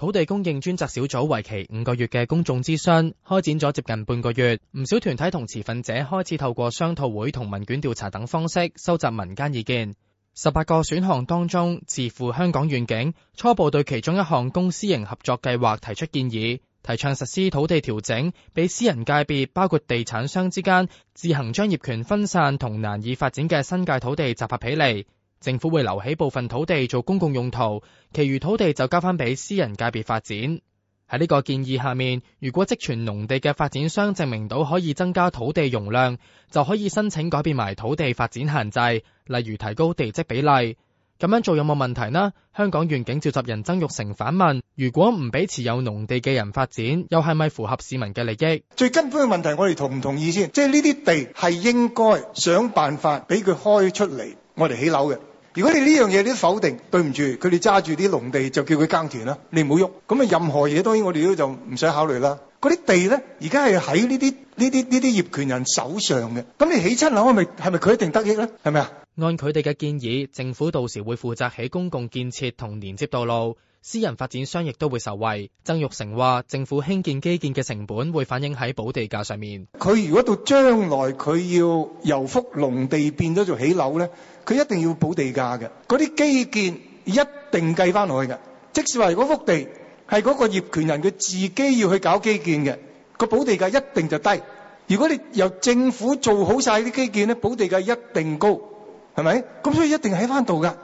土地供應專責小組為期五個月嘅公眾諮詢開展咗接近半個月，唔少團體同持份者開始透過商討會、同問卷調查等方式收集民間意見。十八個選項當中，智庫香港願景初步對其中一項公私營合作計劃提出建議，提倡實施土地調整，俾私人界別包括地產商之間自行將業權分散同難以發展嘅新界土地集合起嚟。政府會留起部分土地做公共用途，其餘土地就交翻俾私人界別發展。喺呢個建議下面，如果積存農地嘅發展商證明到可以增加土地容量，就可以申請改變埋土地發展限制，例如提高地積比例。咁樣做有冇問題呢？香港願景召集人曾鈺成反問：如果唔俾持有農地嘅人發展，又係咪符合市民嘅利益？最根本嘅問題，我哋同唔同意先？即係呢啲地係應該想辦法俾佢開出嚟。我哋起樓嘅，如果你呢樣嘢你都否定，對唔住，佢哋揸住啲農地就叫佢耕田啦，你唔好喐。咁啊，任何嘢當然我哋都就唔使考慮啦。嗰啲地咧，而家係喺呢啲呢啲呢啲業權人手上嘅，咁你起親樓，係咪係咪佢一定得益咧？係咪啊？按佢哋嘅建議，政府到時會負責起公共建設同連接道路，私人發展商亦都會受惠。曾鈺成話，政府興建基建嘅成本會反映喺補地價上面。佢如果到將來佢要由幅農地變咗做起樓咧，佢一定要補地價嘅。嗰啲基建一定計翻落去嘅。即使話如果幅地，係嗰個業權人佢自己要去搞基建嘅，個保地價一定就低。如果你由政府做好晒啲基建咧，保地價一定高，係咪？咁所以一定喺翻度噶。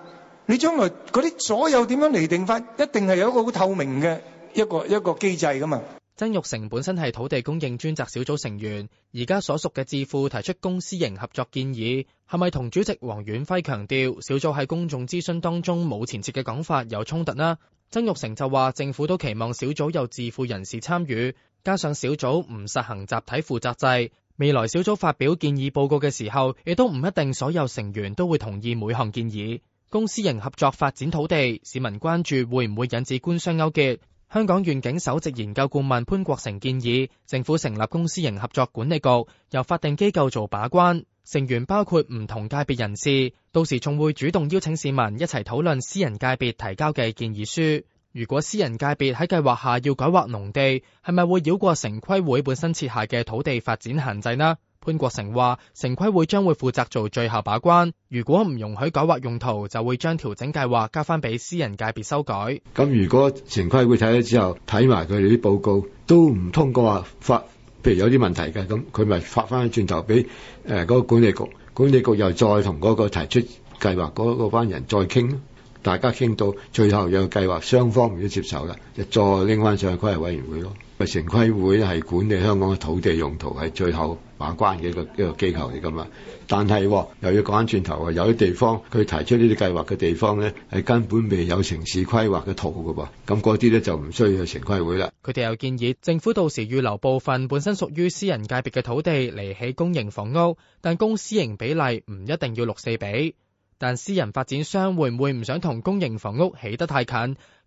你將來嗰啲所有點樣釐定法，一定係有一個好透明嘅一個一個機制噶嘛。曾鈺成本身係土地供應專責小組成員，而家所屬嘅智庫提出公私營合作建議，係咪同主席黃遠輝強調小組喺公眾諮詢當中冇前設嘅講法有衝突呢？曾鈺成就話，政府都期望小組有自富人士參與，加上小組唔實行集體負責制，未來小組發表建議報告嘅時候，亦都唔一定所有成員都會同意每項建議。公私營合作發展土地，市民關注會唔會引致官商勾結？香港願景首席研究顧問潘國成建議，政府成立公私營合作管理局，由法定機構做把關。成員包括唔同界別人士，到時仲會主動邀請市民一齊討論私人界別提交嘅建議書。如果私人界別喺計劃下要改劃農地，係咪會繞過城規會本身設下嘅土地發展限制呢？潘國成話，城規會將會負責做最後把關，如果唔容許改劃用途，就會將調整計劃交翻俾私人界別修改。咁如果城規會睇咗之後，睇埋佢哋啲報告，都唔通過嘅話，發。譬如有啲問題嘅，咁佢咪發翻轉頭俾誒嗰個管理局，管理局又再同嗰個提出計劃嗰個班人再傾，大家傾到最後，有個計劃，雙方都接受啦，就再拎翻上去規劃委員會咯。城規會係管理香港嘅土地用途，係最後把關嘅一個一個機構嚟噶嘛，但係又要講翻轉頭，有啲地方佢提出呢啲計劃嘅地方呢，係根本未有城市規劃嘅圖噶噃，咁嗰啲咧就唔需要去城規會啦。佢哋又建議政府到時預留部分本身屬於私人界別嘅土地嚟起公營房屋，但公私營比例唔一定要六四比，但私人發展商會唔會唔想同公營房屋起得太近？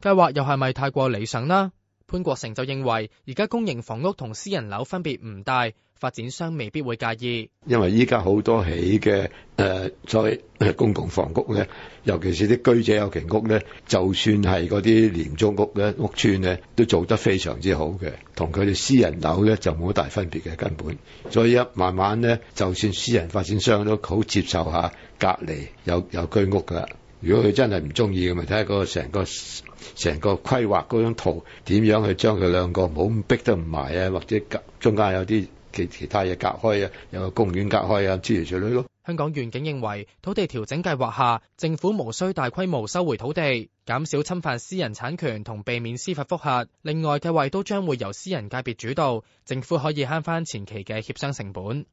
計劃又係咪太過理想呢？潘國成就認為，而家公營房屋同私人樓分別唔大，發展商未必會介意。因為依家好多起嘅誒，所謂、呃、公共房屋咧，尤其是啲居者有其屋咧，就算係嗰啲廉租屋咧，屋邨咧，都做得非常之好嘅，同佢哋私人樓咧就冇大分別嘅根本。所以一慢慢咧，就算私人發展商都好接受下隔籬有有居屋噶如果佢真係唔中意嘅，咪睇下嗰個成個成個規劃嗰張圖點樣去將佢兩個唔好逼得唔埋啊，或者隔中間有啲其其他嘢隔開啊，有個公園隔開啊，諸如此類咯。香港願景認為，土地調整計劃下，政府無需大規模收回土地，減少侵犯私人產權同避免司法復核。另外，計劃都將會由私人界別主導，政府可以慳翻前期嘅協商成本。